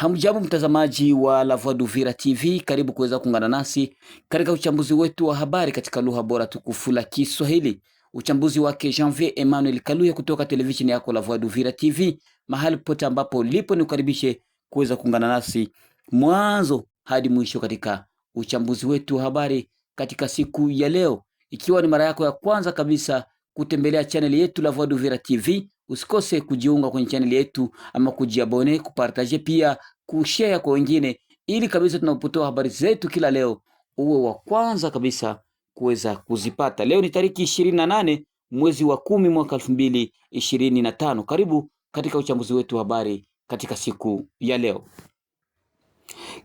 Hamjambo mtazamaji wa La Voix d'Uvira TV, karibu kuweza kuungana nasi katika uchambuzi wetu wa habari katika lugha bora tukufu la Kiswahili. Uchambuzi wake Janvier Emmanuel Kaluya kutoka televisheni yako La Voix d'Uvira TV. Mahali pote ambapo lipo, ni kukaribishe kuweza kuungana nasi mwanzo hadi mwisho katika uchambuzi wetu wa habari katika siku ya leo. Ikiwa ni mara yako ya kwanza kabisa kutembelea chaneli yetu La Voix d'Uvira TV, usikose kujiunga kwenye chaneli yetu ama kujiabone, kupartaje pia kushare kwa wengine, ili kabisa tunapotoa habari zetu kila leo uwe wa kwanza kabisa kuweza kuzipata. Leo ni tariki ishirini na nane mwezi wa kumi mwaka elfu mbili ishirini na tano. Karibu katika uchambuzi wetu wa habari katika siku ya leo,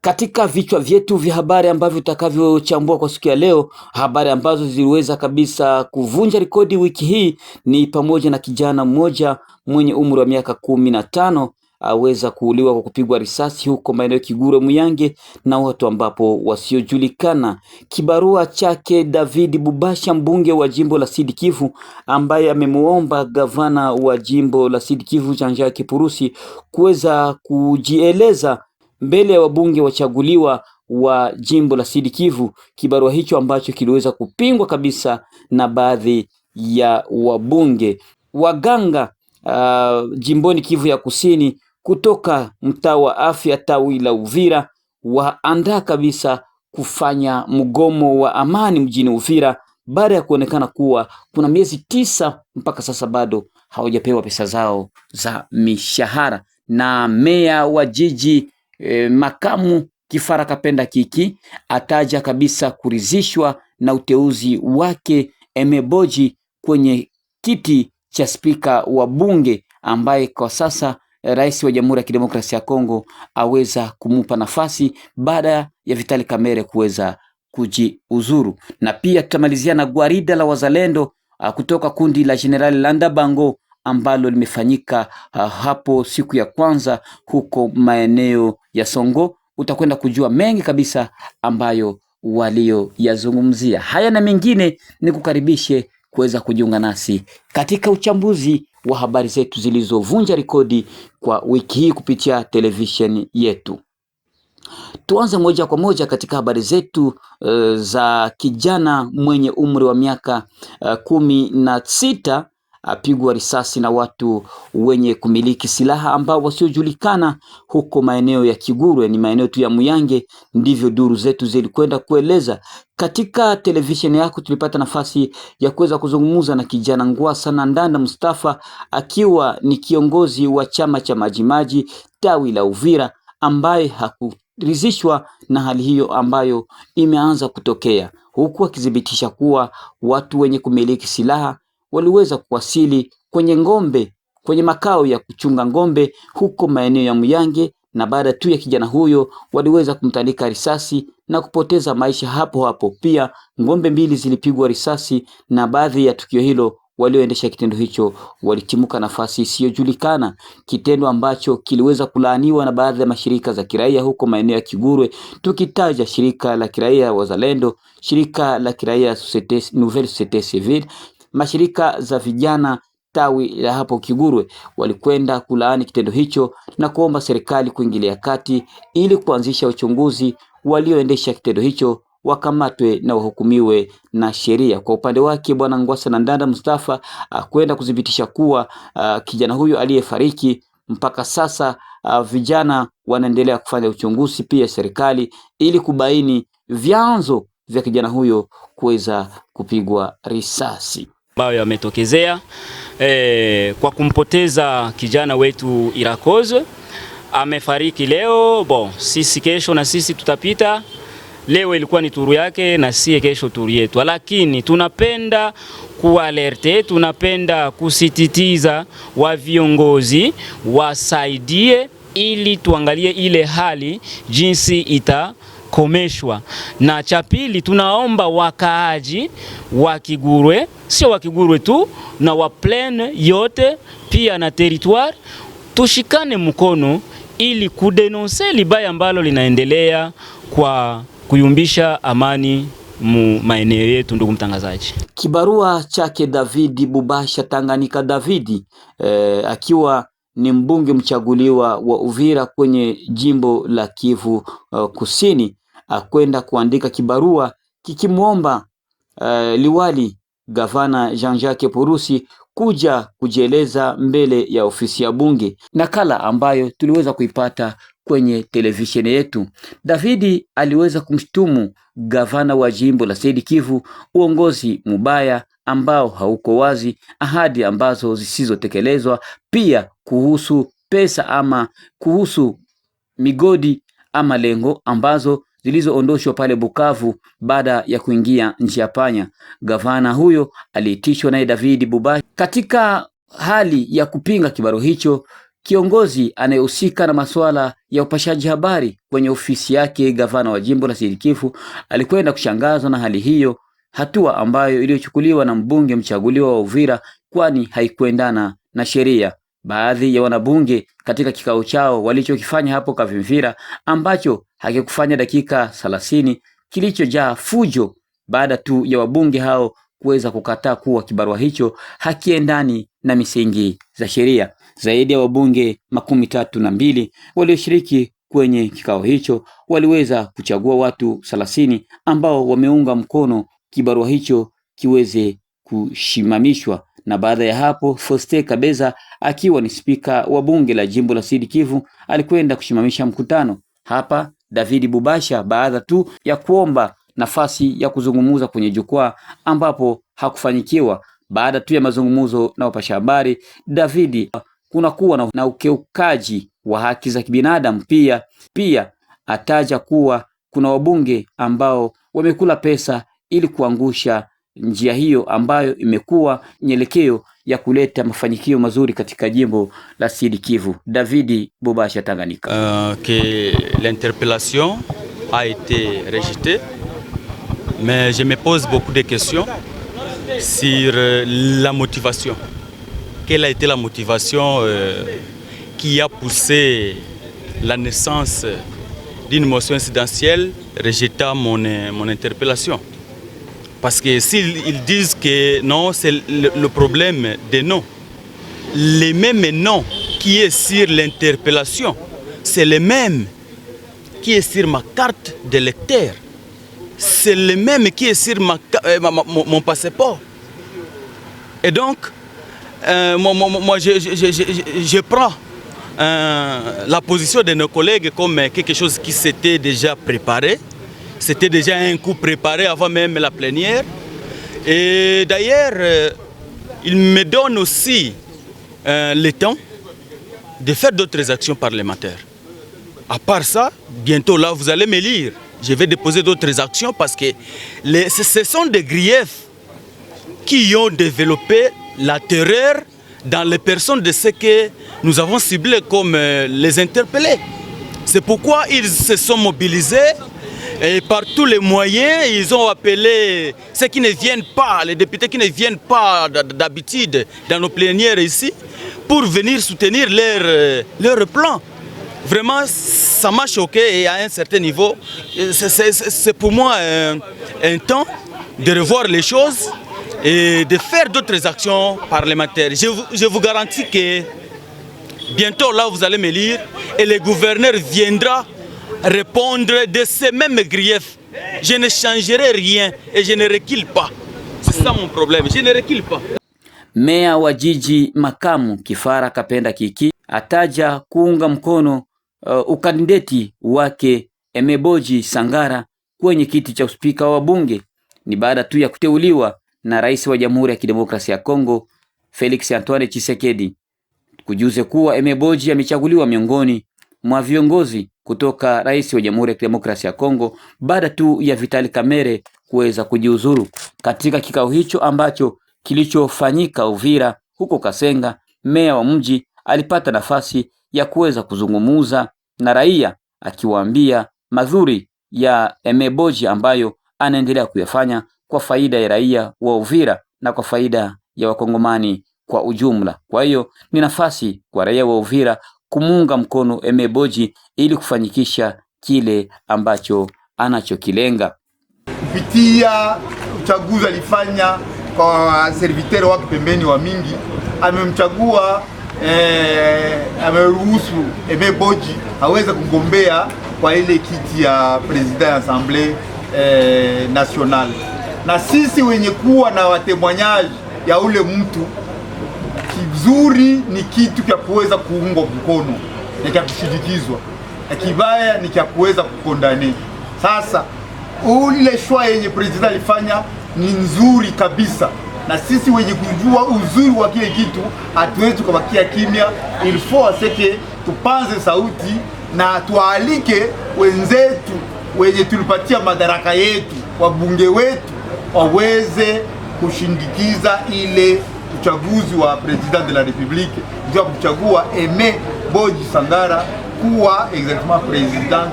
katika vichwa vyetu vya habari ambavyo tutakavyochambua kwa siku ya leo, habari ambazo ziliweza kabisa kuvunja rekodi wiki hii ni pamoja na kijana mmoja mwenye umri wa miaka kumi na tano aweza kuuliwa kwa kupigwa risasi huko maeneo Kigure Muyange na watu ambapo wasiojulikana. Kibarua chake David Bubasha, mbunge wa jimbo la Sud Kivu, ambaye amemuomba gavana wa jimbo la Sud Kivu Jean-Jacques Purusi kuweza kujieleza mbele ya wabunge wachaguliwa wa jimbo la Sud Kivu, kibarua hicho ambacho kiliweza kupingwa kabisa na baadhi ya wabunge waganga. Uh, jimboni Kivu ya Kusini kutoka mtaa wa afya tawi la Uvira waandaa kabisa kufanya mgomo wa amani mjini Uvira baada ya kuonekana kuwa kuna miezi tisa mpaka sasa bado hawajapewa pesa zao za mishahara. Na meya wa jiji eh, makamu Kifara Kapenda Kiki ataja kabisa kuridhishwa na uteuzi wake Emeboji kwenye kiti cha spika wa bunge ambaye kwa sasa rais wa Jamhuri ya Kidemokrasia ya Kongo aweza kumupa nafasi baada ya Vitali Kamere kuweza kujiuzuru. Na pia tutamalizia na gwarida la wazalendo uh, kutoka kundi la General Landa Bango ambalo limefanyika uh, hapo siku ya kwanza huko maeneo ya Songo. Utakwenda kujua mengi kabisa ambayo walioyazungumzia. Haya na mengine ni kukaribishe kuweza kujiunga nasi katika uchambuzi wa habari zetu zilizovunja rekodi kwa wiki hii kupitia televisheni yetu. Tuanze moja kwa moja katika habari zetu uh, za kijana mwenye umri wa miaka uh, kumi na sita apigwa risasi na watu wenye kumiliki silaha ambao wasiojulikana huko maeneo ya Kigurwe, ni maeneo tu ya Muyange. Ndivyo duru zetu zilikwenda kueleza. Katika televisheni yako tulipata nafasi ya kuweza kuzungumza na kijana Ngwasa na Ndanda Mustafa, akiwa ni kiongozi wa chama cha Majimaji tawi la Uvira, ambaye hakuridhishwa na hali hiyo ambayo imeanza kutokea, huku akithibitisha kuwa watu wenye kumiliki silaha waliweza kuwasili kwenye ng'ombe, kwenye makao ya kuchunga ng'ombe huko maeneo ya Muyange, na baada tu ya kijana huyo waliweza kumtandika risasi na kupoteza maisha hapo hapo. Pia ng'ombe mbili zilipigwa risasi, na baadhi ya tukio hilo walioendesha kitendo hicho walitimuka nafasi isiyojulikana, kitendo ambacho kiliweza kulaaniwa na baadhi ya mashirika za kiraia huko maeneo ya Kigurwe, tukitaja shirika la kiraia Wazalendo, shirika la kiraia Societe, Nouvelle Societe Civile, mashirika za vijana tawi la hapo Kigurwe walikwenda kulaani kitendo hicho na kuomba serikali kuingilia kati ili kuanzisha uchunguzi. Walioendesha kitendo hicho wakamatwe na wahukumiwe na sheria. Kwa upande wake, bwana Ngwasa na Ndanda Mustafa akwenda ah, kuthibitisha kuwa a, ah, kijana huyo aliyefariki mpaka sasa a, ah, vijana wanaendelea kufanya uchunguzi pia serikali ili kubaini vyanzo vya kijana huyo kuweza kupigwa risasi ambayo yametokezea e, kwa kumpoteza kijana wetu Irakoze amefariki leo. Bon, sisi kesho na sisi tutapita. Leo ilikuwa ni turu yake na sie kesho turu yetu, lakini tunapenda kualerte, tunapenda kusititiza wa viongozi wasaidie ili tuangalie ile hali jinsi ita kukomeshwa. Na cha pili, tunaomba wakaaji wa Kigurwe, sio wa Kigurwe tu, na wa plaine yote pia na territoire, tushikane mkono ili kudenonse libaya ambalo linaendelea kwa kuyumbisha amani mu maeneo yetu. Ndugu mtangazaji, kibarua chake Davidi Bubasha Tanganyika david eh, akiwa ni mbunge mchaguliwa wa Uvira kwenye jimbo la Kivu uh, Kusini uh, kuandika kibarua kikimwomba uh, liwali gavana Jean-Jacques Purusi kuja kujieleza mbele ya ofisi ya bunge, nakala ambayo tuliweza kuipata kwenye televisheni yetu. Davidi aliweza kumshtumu gavana wa jimbo la Sidi Kivu uongozi mubaya ambao hauko wazi, ahadi ambazo zisizotekelezwa, pia kuhusu pesa ama kuhusu migodi ama lengo ambazo zilizoondoshwa pale Bukavu baada ya kuingia nchi ya panya. Gavana huyo aliitishwa naye David Bubashi katika hali ya kupinga kibaro hicho. Kiongozi anayehusika na masuala ya upashaji habari kwenye ofisi yake, gavana wa jimbo la Sirikifu alikwenda kushangazwa na hali hiyo hatua ambayo iliyochukuliwa na mbunge mchaguliwa wa Uvira, kwani haikuendana na sheria. Baadhi ya wanabunge katika kikao chao walichokifanya hapo Kavimvira ambacho hakikufanya dakika thelathini, kilichojaa fujo baada tu ya wabunge hao kuweza kukataa kuwa kibarua hicho hakiendani na misingi za sheria. Zaidi ya wabunge makumi tatu na mbili walioshiriki kwenye kikao hicho waliweza kuchagua watu thelathini ambao wameunga mkono kibarua hicho kiweze kushimamishwa na baada ya hapo Foste Kabeza akiwa ni spika wa bunge la jimbo la Sidi Kivu alikwenda kushimamisha mkutano hapa. David Bubasha baada tu ya kuomba nafasi ya kuzungumuza kwenye jukwaa ambapo hakufanyikiwa. Baada tu ya mazungumzo na wapasha habari, Davidi kunakuwa na ukeukaji wa haki za kibinadamu pia. Pia ataja kuwa kuna wabunge ambao wamekula pesa ili kuangusha njia hiyo ambayo imekuwa nyelekeo ya kuleta mafanikio mazuri katika jimbo la Sud Kivu. david Bobasha, Tanganyika. Uh, que l'interpellation a été rejetée mais je me pose beaucoup de questions sur euh, la motivation. Quelle a été la motivation euh, qui a poussé la naissance d'une motion incidentielle rejetant mon, euh, mon interpellation Parce que s'ils disent que non, c'est le, problème des noms. Les mêmes noms qui est sur l'interpellation, c'est les mêmes qui est sur ma carte de lecteur. C'est le même qui est sur euh, mon passeport. Et donc, euh, moi, je, prends euh, la position de nos collègues comme quelque chose qui s'était déjà préparé. C'était déjà un coup préparé avant même la plénière. Et d'ailleurs, euh, il me donne aussi euh, le temps de faire d'autres actions parlementaires. À part ça, bientôt là, vous allez me lire. Je vais déposer d'autres actions parce que ce sont des griefs qui ont développé la terreur dans les personnes de ce que nous avons ciblé comme euh, les interpellés. C'est pourquoi ils se sont mobilisés et par tous les moyens, ils ont appelé ceux qui ne viennent pas, les députés qui ne viennent pas d'habitude dans nos plénières ici, pour venir soutenir euh, leur, plan. Vraiment, ça m'a choqué et à un certain niveau, c'est pour moi un, temps de revoir les choses et de faire d'autres actions parlementaires. Je, je, vous garantis que bientôt, là, vous allez me lire et le gouverneur viendra répondre de ces mêmes griefs. Je ne changerai rien et je ne recule pas. C'est ça mon problème, je ne recule pas. Meya wa jiji makamu Kifara Kapenda Kiki ataja kuunga mkono uh, ukandideti wake Emeboji Sangara kwenye kiti cha uspika wa bunge. Ni baada tu ya kuteuliwa na rais wa Jamhuri ya Kidemokrasia ya Kongo Felix Antoine chisekedi Kujuze kuwa Emeboji amechaguliwa miongoni mwa viongozi kutoka rais wa Jamhuri ya Kidemokrasia ya Kongo baada tu ya Vitali Kamere kuweza kujiuzuru. Katika kikao hicho ambacho kilichofanyika Uvira huko Kasenga, meya wa mji alipata nafasi ya kuweza kuzungumuza na raia akiwaambia madhuri ya Emeboji ambayo anaendelea kuyafanya kwa faida ya raia wa Uvira na kwa faida ya Wakongomani kwa ujumla. Kwa hiyo ni nafasi kwa raia wa Uvira kumuunga mkono Emeboji ili kufanikisha kile ambacho anachokilenga kupitia uchaguzi alifanya kwa serviteri wake pembeni wa mingi, amemchagua eh, ameruhusu Emeboji aweze kugombea kwa ile kiti ya president ya assemblée eh, nationale, na sisi wenye kuwa na watemwanyaji ya ule mtu Kizuri ni kitu cha kuweza kuungwa mkono na cha kushindikizwa na kibaya ni cha kuweza kukondani. Sasa ule shwa yenye prezida alifanya ni nzuri kabisa, na sisi wenye kujua uzuri wa kile kitu hatuwezi tukabakia kimya, ilifo aseke tupanze sauti na tualike wenzetu wenye tulipatia madaraka yetu, wabunge wetu waweze kushindikiza ile uchaguzi wa president de la republique ndio kuchagua kumchagua Aime Boji Sangara kuwa exactement president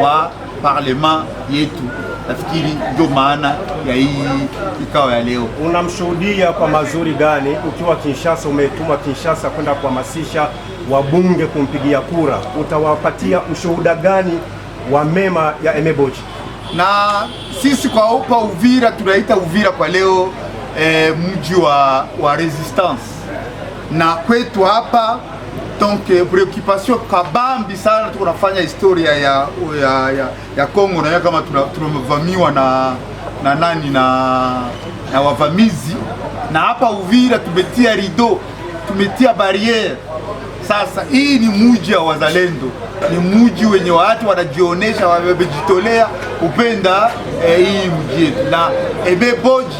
wa parlement yetu. Nafikiri ndio maana ya hii kikao ya leo. Unamshuhudia kwa mazuri gani ukiwa Kinshasa? Umetumwa Kinshasa kwenda kuhamasisha wabunge kumpigia kura, utawapatia ushuhuda gani wa mema ya Aime Boji? Na sisi kwa upa Uvira tunaita Uvira kwa leo eh, mji wa, wa resistance na kwetu hapa donc preoccupation kabambi sana, tuko nafanya historia ya ya, ya, ya Kongo na kama tunavamiwa na na nani na, na wavamizi na hapa Uvira tumetia rido, tumetia barriere. Sasa hii ni muji ya wazalendo, ni muji wenye watu wanajionesha, wamejitolea kupenda eh, hii mji yetu na ebe boji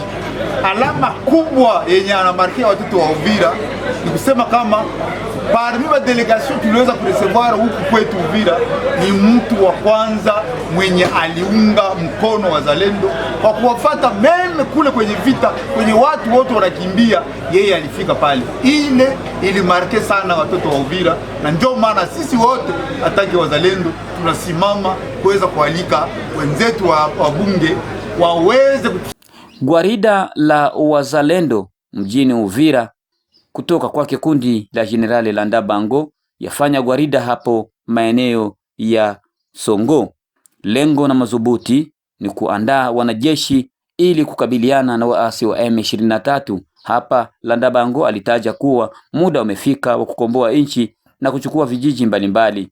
alama kubwa yenye anamarkia watoto wa Uvira ni kusema kama parmi wa delegation tuliweza kurecevoir huku kwetu Uvira, ni mtu wa kwanza mwenye aliunga mkono wazalendo kwa kuwafata meme kule kwenye vita, kwenye watu wote wanakimbia, yeye alifika pale. Ile ilimarke sana watoto wa Uvira, na ndio maana sisi wote hataki wazalendo tunasimama kuweza kualika wenzetu wa wabunge waweze Gwarida la Wazalendo mjini Uvira kutoka kwa kikundi la Jenerali Landa Bango yafanya gwarida hapo maeneo ya Songo. Lengo na madhubuti ni kuandaa wanajeshi ili kukabiliana na waasi wa M23. Hapa Landabango alitaja kuwa muda umefika wa kukomboa nchi na kuchukua vijiji mbalimbali.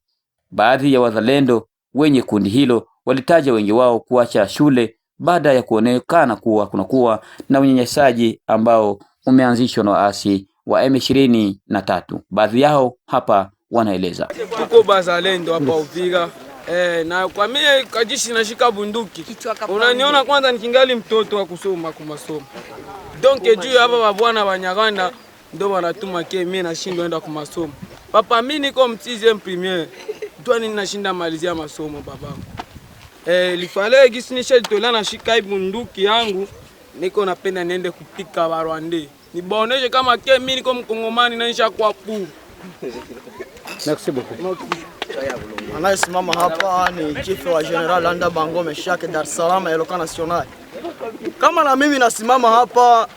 Baadhi ya wazalendo wenye kundi hilo walitaja wengi wao kuacha shule baada ya kuonekana kuwa kunakuwa na unyanyasaji ambao umeanzishwa na waasi wa M23. Baadhi yao hapa wanaeleza: tuko bazalendo hapa Uvira eh, na kwa mimi kajishi nashika bunduki, unaniona kwanza nikingali mtoto wa kusoma kwa masomo donc juu hapa babwana Banyarwanda ndo wanatuma ke mimi nashindwa enda kwa masomo papa, mimi niko mtizi premier twani nashinda malizia masomo babangu Eh, lifale gisi nisha jitola na shika bunduki yangu, niko napenda niende kupika Barwande nibaoneshe kama ke mimi niko mkongomani na nisha kwa pu. Merci beaucoup. Anayesimama hapa ni chifu wa General Landa Bangome Shake Dar es Salaam Eloka National. Kama na mimi nasimama hapa,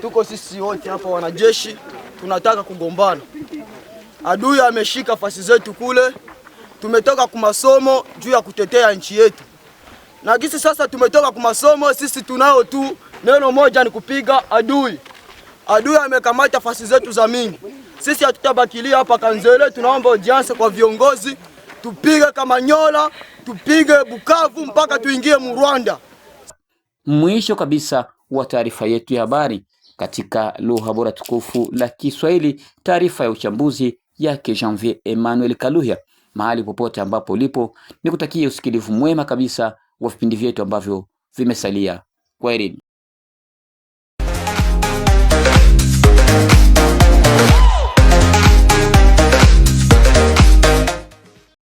tuko sisi wote hapa wanajeshi, tunataka kugombana. Adui ameshika fasi zetu kule tumetoka kumasomo juu ya kutetea nchi yetu, na gisi sasa tumetoka kumasomo, sisi tunao tu neno moja, ni kupiga adui. Adui amekamata fasi zetu za mingi, sisi hatutabakilia hapa Kanzele. Tunaomba audience kwa viongozi, tupige Kamanyola, tupige Bukavu mpaka tuingie Murwanda. Mwisho kabisa wa taarifa yetu ya habari katika lugha bora tukufu la Kiswahili, taarifa ya uchambuzi yake Janvier Emmanuel Kaluhya mahali popote ambapo ulipo, nikutakie usikilivu mwema kabisa wa vipindi vyetu ambavyo vimesalia. Kwaherini.